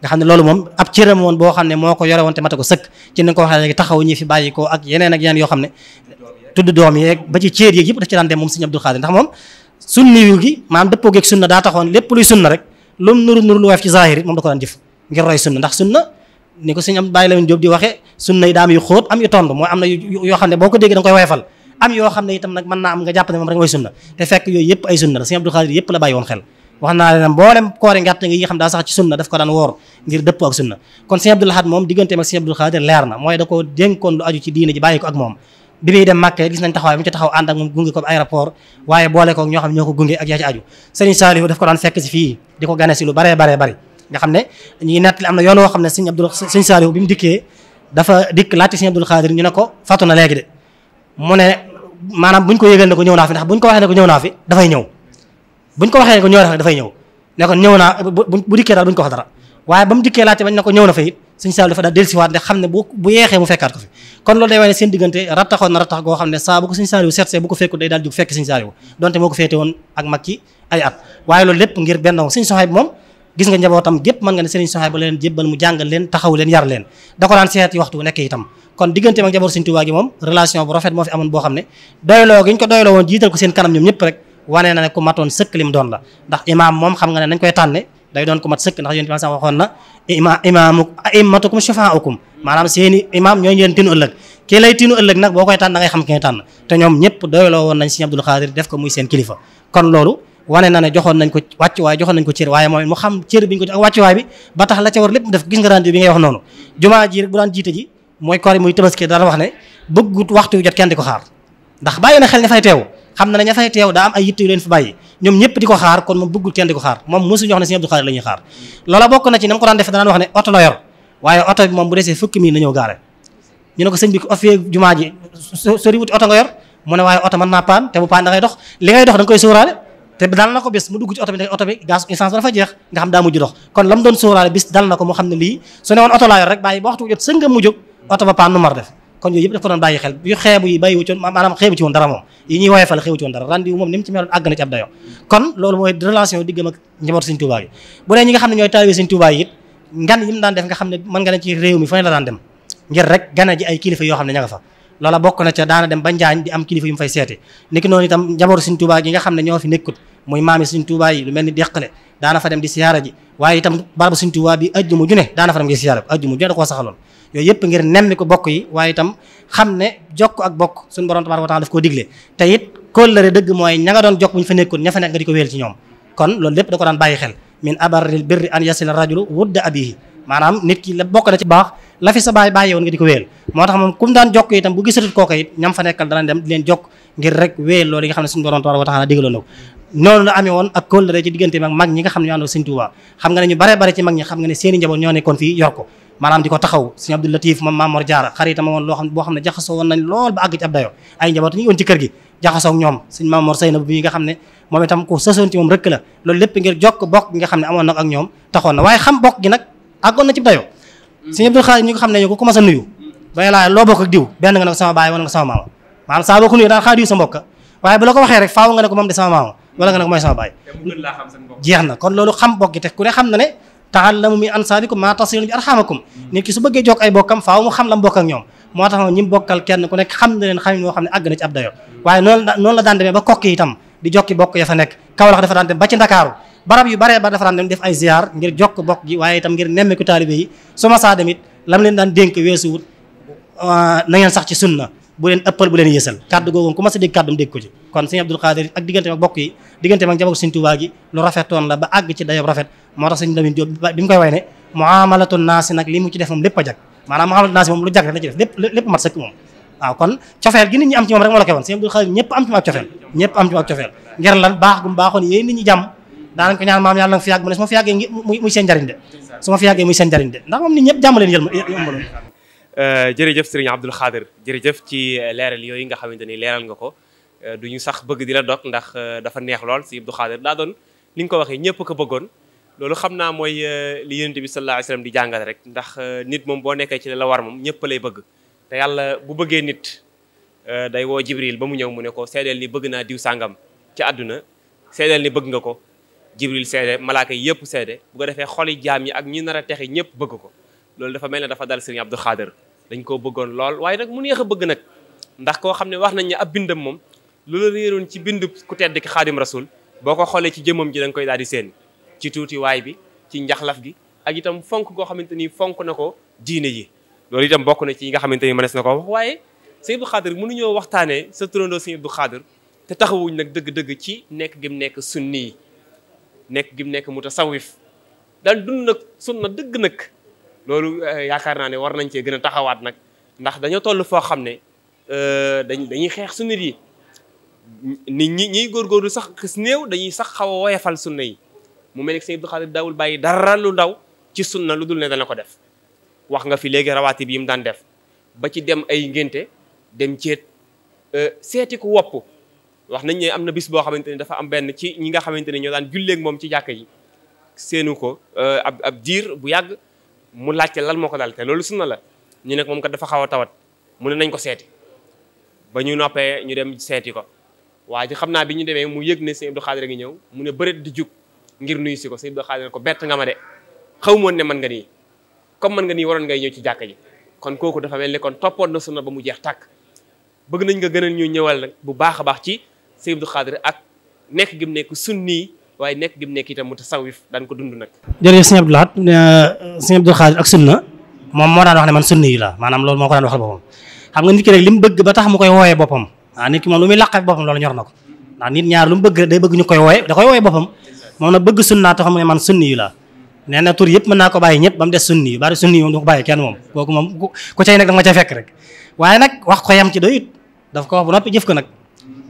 nga xam ne loolu moom ab cëram woon boo xam ne moo ko yore woon te mate ko sëkk ci ni nga ko waxee léegi taxaw ñi fi bàyyi ko ak yeneen ak yeneen yoo xam ne tudd doom yeeg ba ci cër yeeg yëpp daf lépp luy sunna rek lum nuru nuru lu woyof ci zahir moom da ko daan jëf ngir na yoo xam ne boo ko yoo xam la sëñ Abdou Khadir yëpp la bàyyi woon xel wax naa leen mboolem koori ngerte yi nga xam daa sax ci sunna daf ko daan woor ngir dëpp ak sunna kon sëñ Abdul Ahad moom digganteem ak sëñ Abdul Xaadir leer na mooy da ko dénkoon aju ci diine ji bàyyi ko ak moom bi muy dem Màkka gis si fii am na yoon woo xam ne sëñ Abdul sëñ Saalihu bi mu dikkee dafa dikk Abdul Xaadir ñu ne ko fàttu na léegi de mu ne maanaam buñ ko yëgal ne ko ñëw naa fi ndax buñ ko waxee ne ko ñëw naa dafay ñëw buñ ko waxee ne ko ñëw na dafay ñëw ne ko ñëw naa bu dikkee daal buñ ko wax dara waaye ba mu dikkee laajte bañ na ko ñëw na fa it daal xam ne bu bu yeexee mu fekkaat ko fi kon waaye lépp ngir benn sëñ Soxayb moom gis ba leen mu jàngal leen taxaw leen yar leen da ko daan seet yi waxtu nekk itam kon diggante mag njaboot bu ñu ko doyloo seen kanam ñëpp rek wane na ne ku matoon sëkk lim doon la ndax imaam moom xam nga ne nañ koy tànne day doon ku mat sëkk ndax yonent bi sax waxoon na ima imaamu immatukum shufaaukum maanaam seeni imaam ñooy ngeen tinu ëllëg kii lay tinu ëllëg nag boo koy tànn da ngay xam ki ngay tànn te ñoom ñëpp doyloo woon nañ Sëriñ Abdul Xaadir def ko muy seen na ne joxoon nañ ko wàccu waay joxoon nañ ko cër waaye moom mu xam cër bi ñu ko jox ak wàccu waay bi ba tax la ca war lépp mu def gis ji rek bu daan jiite ji mooy koor muy tabaski daan wax ne bëggut ko xaar ndax bàyyi na xel ne fay teew xam na ne ña fay teew daa am ay yitt yu leen fi bàyyi ñoom ñëpp di ko xaar kon moom bëggul kenn di ko xaar moom na ci na mu ko daan def danaan ne oto na ñëw gaare ñu ne ko na ko daa mujj dox kon la mu doon sóoraale bis dal na ko moo laa yor rek bàyyi ba waxtu jot sëngam mu jóg oto ba paan nu mar def kon yooyu yëpp dafa doon bàyyi xel yu xeebu yi bàyyi wu ci woon maanaam xeebu ci woon dara moom moom ni mu ci meloon àgg na ci ab dayo kon loolu mooy relation nga xam ne ba njaañ di ñoo fi nekkut muy maami Sëriñ Tuubaa yi lu mel ni deqale daana fa dem di siyaara ji waaye itam barabu Sëriñ Tuubaa bi ajjuma ju ne daana dem di siyaara ajjuma ju ne da koo saxaloon yooyu yëpp ngir nen ko bokk yi waaye itam xam ne jokk ak bokk suñu borom tabaaraka wa taala daf koo digle te it kóllëre dëgg mooy ña doon jokk bu ñu fa nekkoon ña fa nekkal danañ dem di leen jokk ngir rek wéel loolu nga xam ne suñu borom tabaaraka wa taala noonu la amee woon ak kóllëre ci diggante mag ñi nga xam ne ñoo ànd ak Sëñ xam nga ne ñu bare bare ci mag ñi xam ne seeni njaboot ñoo nekkoon fii yor ko maanaam di ko taxaw sëñ Abdou Latif moom Mamor a xaritam woon loo xam boo xam ne jaxasoo woon nañ lool ba àgg ci ab ay njaboot ñu kër gi jaxasoo ak ñoom sëñ Mamor Seyna bi nga xam ne moom itam sama baay wala nga ne ko mooy sama baay jeex na kon loolu xam bokk gi te ku ne xam na ne taallamu min ansaarikum maa tasilu bi arxamakum nit ki su bëggee jokk ay bokkam faaw mu xam la mbokk ak ñoom moo tax moom ñi bokkal kenn ku nekk xam na leen xam moo xam ne àgg na ci ab dayo waaye noonu la noonu la daan demee ba kokki itam di jokki bokk ya fa nekk Kawlax dafa daan dem ba ci Ndakaaru barab yu baree ba dafa daan dem def ay ziar ngir jokk bokk gi waaye itam ngir nemmeeku taalibe yi su ma saa dem it lam leen daan dénk weesu wut ah, na ngeen sax ci sunna bu leen ëppal bu leen yéesal kàddu googu ku ma dégg ko ci kon sëñ Abdul Xaadir ak diggante mag bokk diggante mag jabagu sëñ Tuubaa gi lu rafetoon la ba àgg ci dayob rafet moo tax sëñ Lamin Jóob mu koy way ne muamalatu naasi nag li mu ci def moom lépp a jag maanaam muamalatu naasi moom lu jag rek la mat sëkk moom kon cofeel gi nit ñi am ci moom rek moo la koy woon Abdul Xaadir ñëpp am ci moom am cofeel ngir lan baax gum baaxoon yéen nit ñi jàmm Euh, jërëjëf sëriñ Abdul Xaadir jërëjëf ci euh, leeral yooyu nga xamante ni leeral nga ko euh, du ñu sax bëgg di la dog ndax dafa neex lool si Abdul Xaadir daa doon li nga ko waxee ñëpp ko bëggoon. loolu xam naa mooy li yonent bi sallallahu alayhi di jàngale rek ndax nit moom boo nekkee ci la la war moom ñëpp lay bëgg te yàlla bu bëggee nit day woo Jibril ba mu ñëw mu ne ko seedeel ni bëgg naa diw sàngam ci àdduna seedeel ni bëgg nga ko Jibril seede malaaka yi yëpp seede bu ko defee xoli jaam yi ak ñu nar texe ñëpp bëgg ko loolu dafa mel ne dafa dal Serigne Abdou Khader dañ koo bëggoon lool waaye nag mu neex a bëgg nag ndax koo xam ne wax nañ ne ab bindam moom lu la réeroon ci bind ku tedd ki xaadim rasul boo ko xoolee ci jëmmam ji da koy daal di seen ci tuuti waay bi ci njaxlaf gi ak itam fonk goo xamante ni fonk na ko diine yi loolu itam bokk na ci yi nga xamante ni mënees na ko wax waaye sëñ Abdou Khadr mënuñoo waxtaanee sa turandoo sëñ Abdou Khadr te taxawuñ nag dëgg-dëgg ci nekk gim nekk sunni yi nekk gim nekk mutasawif daan dund nag sunna dëgg nag loolu eh, yaakaar naa ne war nañ cee gën a taxawaat nag ndax dañoo toll foo xam ne eh, dañ dañuy xeex sunna yi nit ñi ñiy góorgóorlu sax néew dañuy sax xaw a woyafal sunna yi mu mel ne Sëñ Abdou Khadre daawul bàyyi dara lu ndaw ci sunna lu dul ne dana ko def wax nga fi léegi rawaati bi yi mu daan def ba ci dem ay ngénte dem ceet eh, seeti ku wopp wax nañ ne am na bis boo xamante ni dafa am benn ci ñi nga xamante ne ñoo daan julleeg moom ci jàkka yi seenu ko ab ab diir bu yàgg mu laajte lan moo ko daal te loolu sunna la ñu ne ko moom kat dafa xaw a tawat mu ne nañ ko seeti ba ñu noppee ñu dem seeti ko waa ji xam naa bi ñu demee mu yëg ne sëñ Abdou Khadre ngi ñëw mu ne bëri di jug ngir nuyu si ko sëñ Abdou Khadre ko bett nga ma de xaw moon ne man nga nii comme man nga nii waroon ngay ñëw ci jàkka ji kon kooku dafa mel ni kon toppoon na sunna ba mu jeex tàkk bëgg nañ nga gënal ñu ñëwal nag bu baax a baax ci sëñ Abdou Khadre ak nekk gi mu nekk sunni waaye nekk gi mu nekk itam mutasawif daan ko dund nag. jërëjëf sëñ Abdou Lahad sëñ Abdou Khadre ak sunna moom moo daan wax ne man sunni yi la maanaam loolu moo ko daan waxal boppam tax mu koy wooyee boppam ah moom na ko ndax nit ñaar lu mu bëgg rek day bëgg ñu koy wooyee da koy wooyee boppam moom na bëgg sunna tax mu ne man sunni yu la nee na tur yëpp mën naa ko bàyyi ñëpp ba mu des sunni yu bari sunni ko bàyyi kenn da wax bu noppi jëf ko nag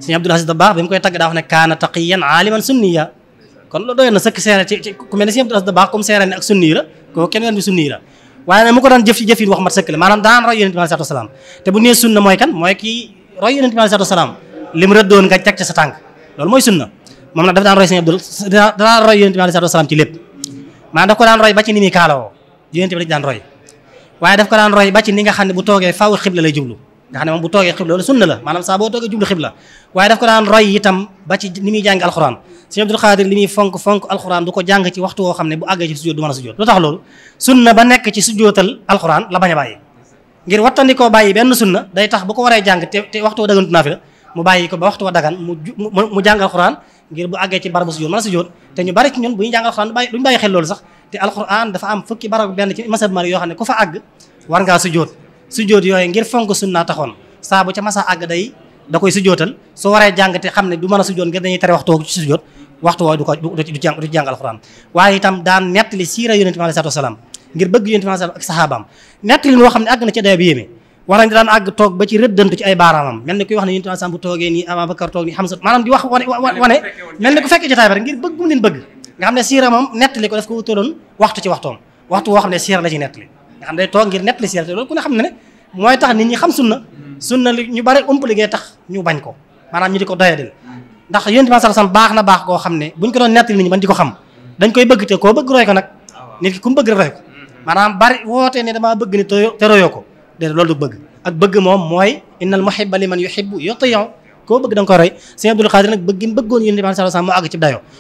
sëñ Abdou Aziz Dabakh bi mu koy tagg daa wax ne kaana taqiyan aaliman sunniya kon loolu doy na sëkk seere ci ci ku mel ne si yëpp da baax comme seere ne ak sunni koo kenn ween waaye nag ko daan jëf ci jëf yi wax mat sëkk la maanaam daan roy yonent bi alayhi salaatu wasalaam te bu nee nga teg ca sa tànk loolu mooy sunna moom nag dafa daan roy sëñ Abdul daan roy yonent bi alayhi salaatu wasalaam ci lépp maanaam daf ko daan roy ba ci ni muy kaalawoo yonent bi lañ daan roy waaye daf ko daan roy ba ci ni ne bu toogee faaw xibla lay jublu nga xam ne moom bu toogee xibla loolu sunna la maanaam saa boo waaye daf ko daan roy itam ba ci ni muy jàng alxuraan sëñ Abdul Xaadir li muy fonk fonk alxuraan du ko jàng ci waxtu woo xam ne bu àggee ci a sujjóot lu tax loolu sunna ba nekk ci sujjóotal alxuraan la bañ a bàyyi ngir wattandikoo day tax bu ko waree jàng te te waxtu wa dagantu naa fi la mu bàyyi ko ba waxtu wa dagan mu mu jàng alxuraan ngir bu àggee ci barabu sujjóot mën a sujjóot te ñu bari ci ñun bu ñu jàng alxuraan duñu bàyyi xel loolu sax te alxuraan dafa am fukki barab benn ci masab mali yoo xam ne ko fa àgg war ngaa sujjóot sujjóot yooyu ngir fonk sunna taxoon saa bu ca masa àgg day da koy sujjóotal soo waree jàng te xam ne du mën a sujjóot ngir dañuy tere waxtu woo ci sujjóot waxtu woo du ko alxuraan waaye itam daan nettali siira yonent bi aleyhi salaatu wa bëgg yonent bi aleyhi salaatu ak xam ne àgg na ci dayo bi yéeme war nañ daan àgg toog ba ci rëddantu ci ay baaraamam mel ni kuy wax ne yonent bi sam bu toogee ko daf ko wutaloon waxtu woo xam ne siira la ci nga xam day toog ngir nettali seer loolu ku ne xam ne ne mooy tax nit ñi xam sunna sunna li ñu bari ëmp liggéey tax ñu bañ ko maanaam na baax koo xam ne buñ ko doon nettali nit ñi man di ko xam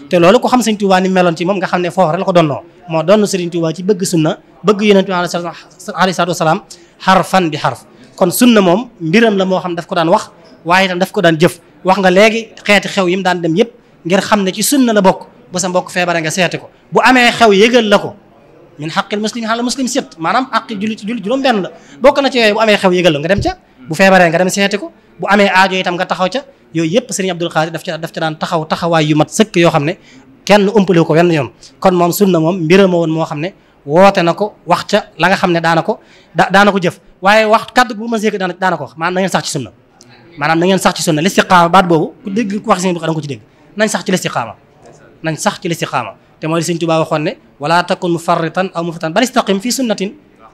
te loolu ko xam sëñ Tuubaa ni meloon ci moom nga xam ne foofu rek la ko donnoo moo doon sëriñ Tuubaa ci bëgg sunna bëgg yonent bi alayhi salaatu wasalaam xarfan bi xarf kon sunna moom mbiram la moo xam ne daf ko daan wax waaye itam daf ko daan jëf wax nga léegi xeeti xew yi mu daan dem yëpp ngir xam ne ci sunna la bokk ba sa mbokk feebare nga seeti ko bu amee xew yëgal la ko min xaqil muslim xala muslim set maanaam aqi jullit jullit juróom benn la bokk na ci yooyu bu amee xew yëgal la nga dem ca bu feebaree nga dem seeti ko bu amee aajo itam nga taxaw ca yooyu yëpp sëriñ Abdul Xaadir daf ca daf ca daan taxaw taxawaay yu mat sëkk yoo xam ne kenn umpale ko wenn yoon kon moom sunna moom mbira woon moo xam ne woote na ko wax ca la nga xam ne daana ko daana ko jëf waaye wax kaddu bu ma seeg daana daana ko wax maanaam na ngeen sax ci sunna maanaam na ngeen sax ci sunna listiqaama baat boobu ku dégg ku wax sëñ bi da mooy li sëñ Tuubaa waxoon ne wala takun mufarritan aw muftan bal istaqim fii sunnatin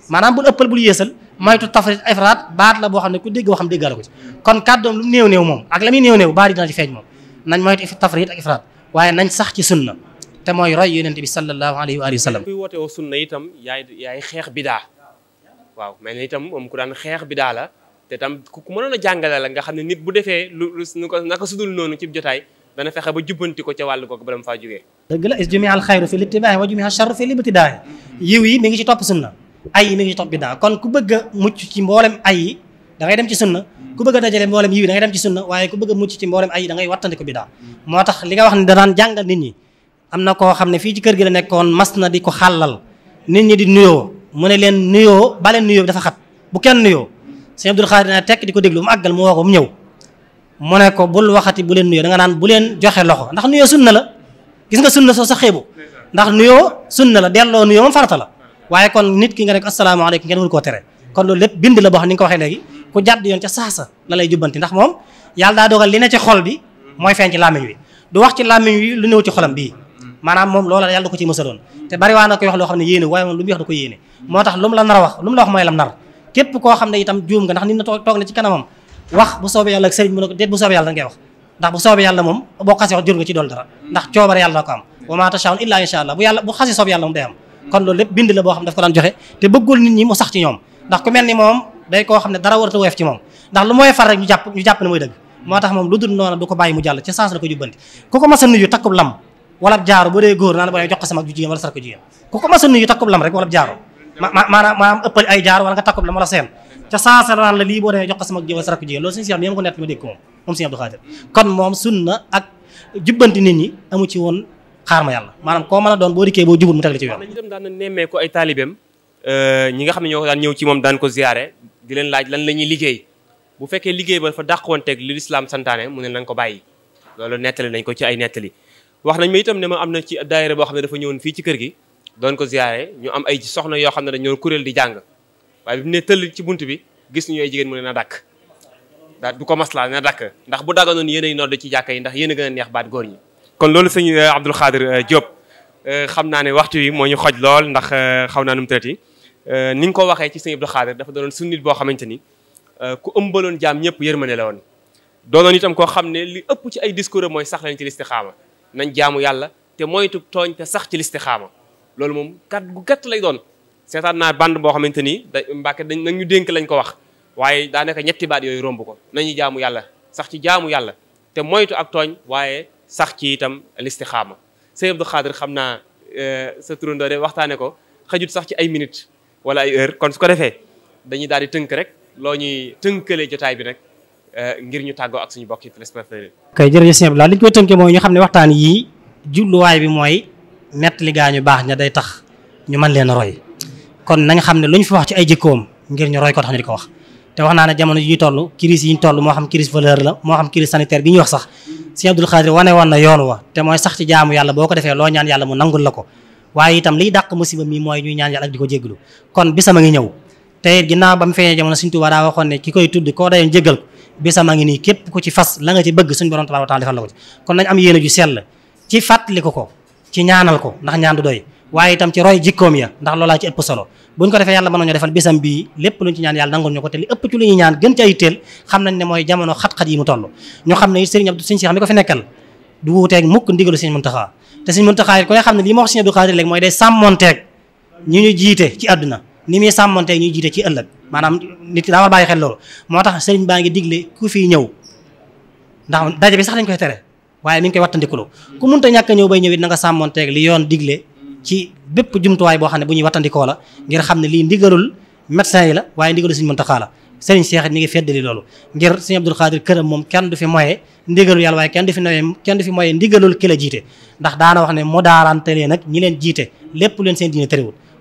maanaam bul ëppal bul yéesal moytu tafrit ifraat baat la boo xam ne ku dégg waxam déggaale ko ci kon kàddoom lu néew néew moom ak la muy néew néew baat yi dina ci feeñ moom nañ moytu tafrit ak ifraat waaye nañ sax sunna te mooy roy yonent bi sallallahu alayhi wa sallam. kuy woote woo sunna xeex bidaa waaw mel na ku daan xeex bidaa la te tam ku mënoon a jàngale la nga xam ne nit bu defee lu lu ko naka sudul noonu ci jotaay dana fexe ba jubbanti ko ca wàllu googu ba dama faa jógee. dëgg la is jumi al xayru fi littibaahi wa jumi al charru fi libtidaay yiw yi mu ngi ci topp sunna ay yi mi ngi ci topp bidaa kon ku bëgg a mucc ci mboolem ay yi da dem ci sunna ku bëgg a dajale mboolem yiw yi da dem ci sunna waaye ku bëgg a mucc ci mboolem ay yi am na koo xam ne fii ci kër gi la nekkoon mas na di ko xàllal nit ñi di nuyoo mu ne leen nuyoo bale nuyoo bi dafa xat bu kenn nuyoo sëñ Abdul Xaadir na tekk di ko déglu mu àggal mu woo ko mu ñëw mu ne ko bul waxati bu leen nuyoo da nga naan bu leen joxe loxo ndax nuyoo sunna la gis nga sunna soo sa xeebu ndax nuyoo sunna la delloo nuyoo moom farata la waaye kon nit ki nga ne ko asalaamaaleykum ngeen wul koo tere kon loolu lépp bind la boo xam ni nga ko waxee léegi ku jàdd yoon ca saasa la lay jubbanti ndax moom yàlla daa dogal li ne ci xol bi mooy fee ci làmmiñ wi du wax ci làmmiñ wi lu néew ci xolam bii maanaam moom loola yàlla da ko ci mësaloon te bari waa na koy wax loo xam ne yéene waaye moom lu muy wax da ko yéene moo tax lu mu la nar a wax lu mu la wax mooy lam nar képp koo moom dara ndax la ko am wa maa tashaa'uun illaa inshaa Allah bu yàlla bu xasee soob yàlla moom day am kon loolu lépp woyof ci moom ndax lu mooy far rek ñu jàpp ñu ne mooy dëgg moo tax moom lu dul noonu du ko bàyyi mu jàll ci sens la ko jubbanti ku ko mas a nuyu takkub lam wala jaaro bu dee góor naa ne bu dee jox ko sama ju jigéen ku ko mas a nuyu takkub lam rek wala jaaru maanaam maanaam ëppal ay jaaru wala nga takkub lam wala seen ca saasa naan la lii boo demee jox ko sama jigéen jigéen loolu si yàlla ko nett ma ko moom moom suñu ci woon xaar ma yàlla maanaam koo mën a doon boo dikkee boo jubul mu teg la euh, nga xam ne ñoo daan ñëw ci moom daan ko ziyaare di leen laaj lan la ñuy liggéey bu fekkee liggéey ba fa dàqwanteeg li lislaam santaane mu ne nañ ko bàyyi loolu nettali nañ ko ci ay nettali wax nañ ma itam ne ma am na ci daayira boo xam ne dafa ñëwoon fii ci kër gi doon ko ziyaare ñu am ay soxna yoo xam ne dañoo kuréel di jàng waaye bi ci bunt bi gis ñu ay jigéen mu ne na dàkk daa du ko maslaa na dàkk ndax bu dagganoon yéen ay nodd ci jàkka yi ndax yéen neex baat góor kon loolu sëñ euh, Abdoul Khadir euh, Diop euh, xam naa ne waxtu wi moo ñu xoj lool ndax xaw naa nu mu traité ni nga ko waxee ci sëñ Abdoul Khadir dafa doonoon sunnit boo xamante ni ku ëmbaloon jaam ñëpp yërmande la woon doonoon itam koo xam ne li ëpp ci ay discours mooy sax leen ci listixaama nañ jaamu yàlla te moytu tooñ te sax ci xaama loolu moom kat gu gàtt lay doon seetaan naa band boo xamante ni da Mbàkke dañ nañ ñu dénk lañ ko wax waaye daanaka ñetti baat yooyu romb ko nañu jaamu yàlla sax ci jaamu yàlla te moytu ak tooñ waaye sax ci itam listixaama sëñ Abdou Xaadir xam naa euh, sa turandoo de waxtaane ko xajut sax ci ay minutes wala ay heure kon su ko defee dañuy daal di tënk rek loo ñuy tënkalee jotaay bi rek Euh, ngir ñu tàggoo ak suñu bokki téléspectateurs yi. kay jërëjëf sëñ li ñu koy tënkee mooy ñu xam ne waxtaan yii jubluwaay bi mooy nettali gaa ñu baax ña day tax ñu mën leen a roy kon nañ xam ne lu ñu fi wax ci ay jikkoom ngir ñu roy ko tax ñu di ko wax te wax naa ne jamono yi ñu toll crise yi ñu moo xam crise valeur la moo xam crise sanitaire bi ñu wax sax sëñ Abdou Khadre yoon wa te mooy sax ci jaamu yàlla boo ko defee loo ñaan yàlla mu nangul la ko waaye itam liy dàq musiba mi mooy ñuy ñaan yàlla ak di ko jéggalu kon bisama ngi ñëw te ginnaaw ba mu feeñee jamono Sëñ Tuubaa daa waxoon ne bisam a ngi nii képp ku ci fas la ci bëgg suñu borom tabaaraka wa taala defal la ko ci kon nañ am yéene sell ci fàttaliku ko ci ñaanal ko ndax ñaan du doy waaye itam ci roy jikkoom ya ndax loolaa ci ëpp solo buñ ko defee yàlla mën nañu defal bisam bii lépp luñ ci ñaan yàlla nangul ñu ko te li ëpp ci lu ñuy ñaan gën ci ay xam nañ ne mooy jamono xat-xat yi mu toll ñu xam ne it sëriñ Abdou sëriñ Cheikh ko fi nekkal du wuuteeg mukk ndigalu sëriñ ni muy sàmmantee ñuy jiite ci ëllëg maanaam nit ki daa war bàyyi xel loolu moo tax sëriñ baa ngi digle ku fii ñëw ndax daje bi sax dañ koy tere waaye mi ngi koy wattandikuloo ku munta ñàkk ñëw bay ñëw it na nga sàmmonteeg li yoon digle ci bépp jumtuwaay boo xam ne bu ñuy wattandikoo la ngir xam ne lii ndigalul médecin yi la waaye ndigalul suñu Muntaxaa la sëriñ Cheikh mi ngi feddali loolu ngir sëriñ Abdul Xaadir këram moom kenn du fi moye ndigalul yàlla waaye kenn du fi noye kenn fi moye ndigalul ki la jiite ndax daana wax ne mu daarante leen ak ñi leen jiite lépp leen seen diine terewul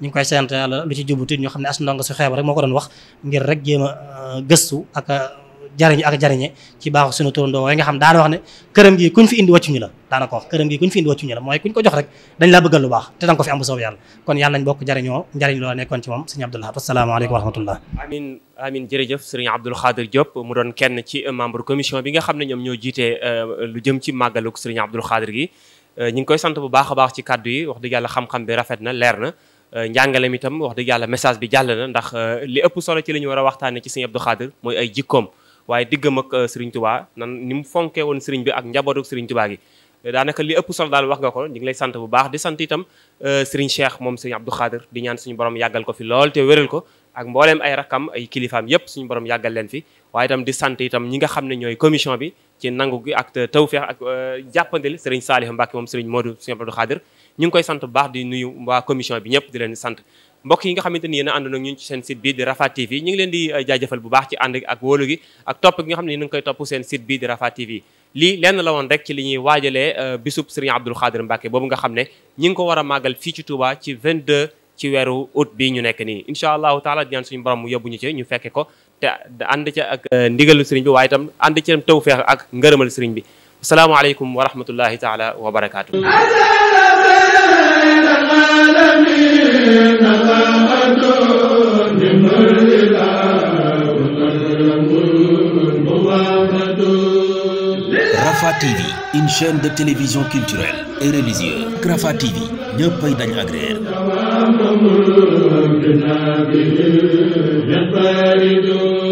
ñu ngi koy sant yàlla lu ci jubuti ñu xam ne as ndongo su xeeb rek moo ko doon wax ngir rek jéem a euh, gëstu ak euh, jariñu ak jariñe ci baaxu sunu turandoo waaye nga xam daana wax ne këram gi kuñ fi indi wàccuñu la daana ko wax këram gi la mooy kuñ ko jox rek dañ laa bëggal lu baax te danga ko fi am bu yàlla kon yàlla nañ bokk jariñoo njariñ loola nekkoon ci moom sëriñ Abdou Lahad asalaamaaleykum wa jërëjëf sëriñ Abdou Khadre Diop mu doon kenn ci euh, membre commission bi nga xam ne ñoom ñoo jiitee lu jëm ci màggaluk sëriñ Abdou Khadre gi ñu ngi koy sant bu baax baax ci kàddu yi wax dëgg xam-xam bi rafet na leer na Euh, njàngale mi itam wax dëgg yàlla message bi jàll na ndax euh, li ëpp solo ci li ñu war a waxtaane ci sëñ Abdou Khadir mooy ay jikkoom waaye diggam ak euh, sëriñ Touba nan ni mu fonkee woon sëriñ bi ak njabootu sëriñ Touba gi daanaka li ëpp solo daal wax nga ko ñu ngi lay sant bu baax di sant itam sëriñ Cheikh moom sëriñ Abdou Khadir di ñaan suñu borom yàggal ko fi lool te wéral ko ak mbooleem ay rakam ay kilifaam yépp suñu borom yàggal leen fi waaye itam di sant itam ñi nga xam ne ñooy commission bi ci nangu gi ak euh, tawfeex ak euh, jàppandil sëriñ Saliou Mbacke moom sëriñ Modou sëriñ Abdou Khadir ñu ngi koy sant bu baax di nuyu waa commission bi ñëpp di leen sant mbokk yi nga xamante ni yéen a ànd nag ñun ci seen site bi di Rafah TV ñu ngi leen di euh, jaajëfal bu baax ci ànd ak wóolu gi ak topp gi nga xam ne ñu ngi koy topp seen site bi di Rafah TV lii lenn la woon rek ci li ñuy waajalee bisub Serigne Abdou Khadr Mbacke boobu nga xam ne ñi ngi ko war a màggal fii ci Touba ci 22 ci weeru août bi ñu nekk nii incha allahu taala di ñaan suñu borom mu yóbbu ñu ci ñu fekke ko te ànd ca ak euh, bi waaye itam ànd ca taw feex ak ngërëmal sëriñ bi asalaamaaleykum wa rahmatullahi taala wa barakaatu Rafah TV une chaîne de télévision culturelle et religieuse Rafah TV ñëppay dañ agréer بنا به ينفرد